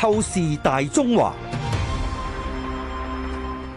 透視大中華，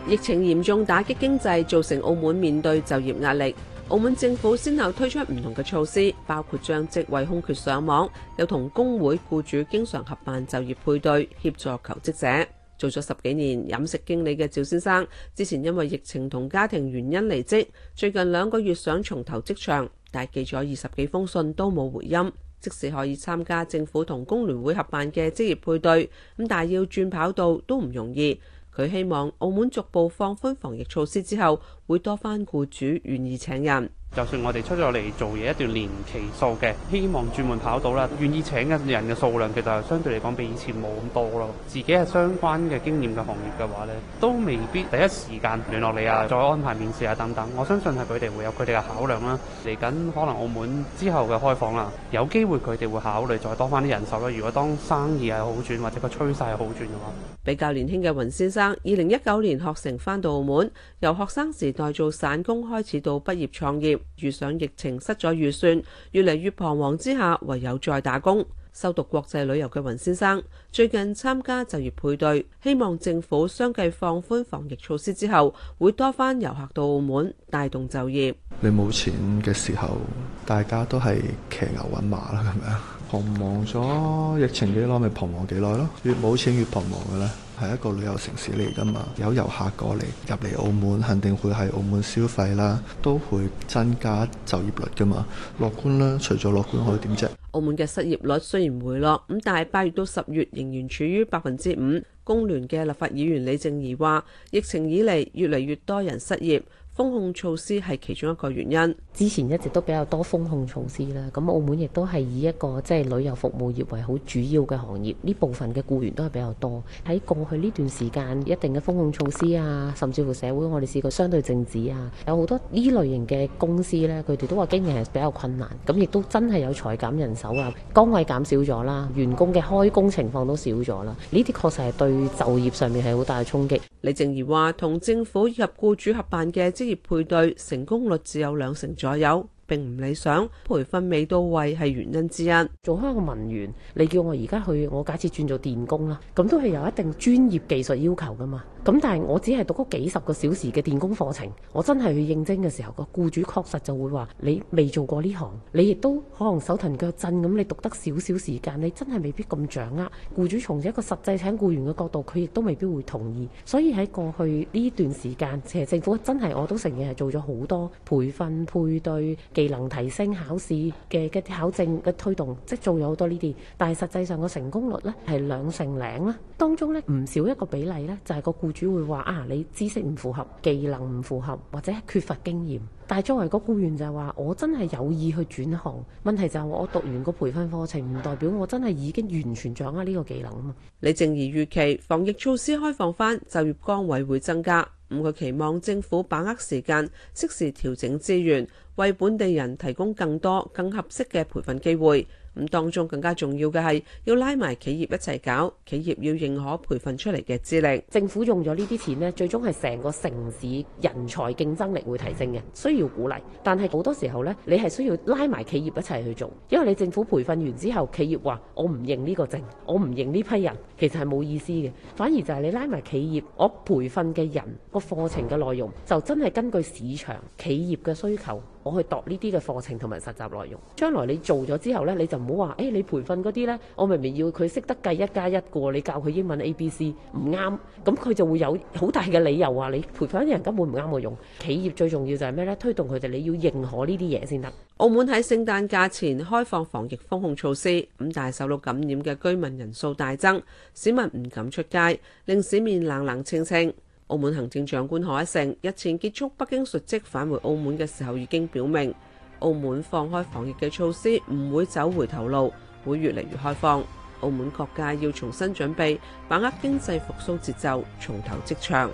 疫情嚴重打擊經濟，造成澳門面對就業壓力。澳門政府先後推出唔同嘅措施，包括將職位空缺上網，又同工會、僱主經常合辦就業配對，協助求職者。做咗十幾年飲食經理嘅趙先生，之前因為疫情同家庭原因離職，最近兩個月想重投職場，但係寄咗二十幾封信都冇回音。即使可以參加政府同工聯會合辦嘅職業配對，咁但係要轉跑道都唔容易。佢希望澳門逐步放寬防疫措施之後，會多翻僱主願意請人。就算我哋出咗嚟做嘢一段年期數嘅，希望專門跑到啦，願意請嘅人嘅數量其實相對嚟講比以前冇咁多咯。自己係相關嘅經驗嘅行業嘅話咧，都未必第一時間聯絡你啊，再安排面試啊等等。我相信係佢哋會有佢哋嘅考量啦。嚟緊可能澳門之後嘅開放啦，有機會佢哋會考慮再多翻啲人手啦，如果當生意係好轉或者個趨勢係好轉嘅話，比較年輕嘅雲先生，二零一九年學成翻到澳門，由學生時代做散工開始到畢業創業。遇上疫情失咗預算，越嚟越彷徨之下，唯有再打工。修讀國際旅遊嘅云先生，最近參加就業配對，希望政府相繼放寬防疫措施之後，會多翻遊客到澳門，帶動就業。你冇錢嘅時候，大家都係騎牛揾馬啦，咁樣。彷徨咗疫情幾耐，咪彷徨幾耐咯。越冇錢越彷徨嘅啦，係一個旅遊城市嚟噶嘛，有遊客過嚟、入嚟澳門肯定會係澳門消費啦，都會增加就業率噶嘛。樂觀啦，除咗樂觀可以點啫？澳門嘅失業率雖然回落，咁但係八月到十月仍然處於百分之五。工聯嘅立法議員李靜儀話，疫情以嚟越嚟越多人失業。封控措施係其中一個原因。之前一直都比較多封控措施啦，咁澳門亦都係以一個即係、就是、旅遊服務業為好主要嘅行業，呢部分嘅僱員都係比較多。喺過去呢段時間，一定嘅封控措施啊，甚至乎社會我哋試過相對政治啊，有好多呢類型嘅公司呢，佢哋都話經營係比較困難。咁亦都真係有裁減人手啊，崗位減少咗啦，員工嘅開工情況都少咗啦。呢啲確實係對就業上面係好大嘅衝擊。李靜儀話：同政府及僱主合辦嘅職配對成功率只有兩成左右。並唔理想，培訓未到位係原因之一。做開個文員，你叫我而家去，我假設轉做電工啦，咁都係有一定專業技術要求㗎嘛。咁但係我只係讀咗幾十個小時嘅電工課程，我真係去應徵嘅時候，個僱主確實就會話你未做過呢行，你亦都可能手騰腳震咁，你讀得少少時間，你真係未必咁掌握。僱主從一個實際請僱員嘅角度，佢亦都未必會同意。所以喺過去呢段時間，其實政府真係我都承認係做咗好多培訓配對。技能提升、考試嘅嘅考證嘅推動，即做咗好多呢啲，但係實際上個成功率咧係兩成零啦。當中咧唔少一個比例咧，就係個僱主會話啊，你知識唔符合，技能唔符合，或者係缺乏經驗。但係作為個僱員就係話我真係有意去轉行，問題，就係我讀完個培訓課程，唔代表我真係已經完全掌握呢個技能啊嘛。李靜儀預期防疫措施開放翻，就業，崗位會增加。五佢期望政府把握時間，適時調整資源，為本地人提供更多、更合適嘅培訓機會。咁當中更加重要嘅，係要拉埋企業一齊搞，企業要認可培訓出嚟嘅資歷。政府用咗呢啲錢呢，最終係成個城市人才競爭力會提升嘅，需要鼓勵。但係好多時候呢，你係需要拉埋企業一齊去做，因為你政府培訓完之後，企業話我唔認呢個證，我唔認呢批人，其實係冇意思嘅。反而就係你拉埋企業，我培訓嘅人個課程嘅內容就真係根據市場企業嘅需求。我去度呢啲嘅課程同埋實習內容，將來你做咗之後呢，你就唔好話，誒、哎、你培訓嗰啲呢。我明明要佢識得計一加一嘅，你教佢英文 A B C 唔啱，咁佢就會有好大嘅理由話你培訓啲人根本唔啱我用。企業最重要就係咩呢？推動佢哋你要認可呢啲嘢先得。澳門喺聖誕假前開放防疫封控措施，咁但係受到感染嘅居民人數大增，市民唔敢出街，令市面冷冷清清。澳門行政長官賀一誠日前結束北京述職返回澳門嘅時候，已經表明澳門放開防疫嘅措施唔會走回頭路，會越嚟越開放。澳門各界要重新準備，把握經濟復蘇節奏，從頭職場。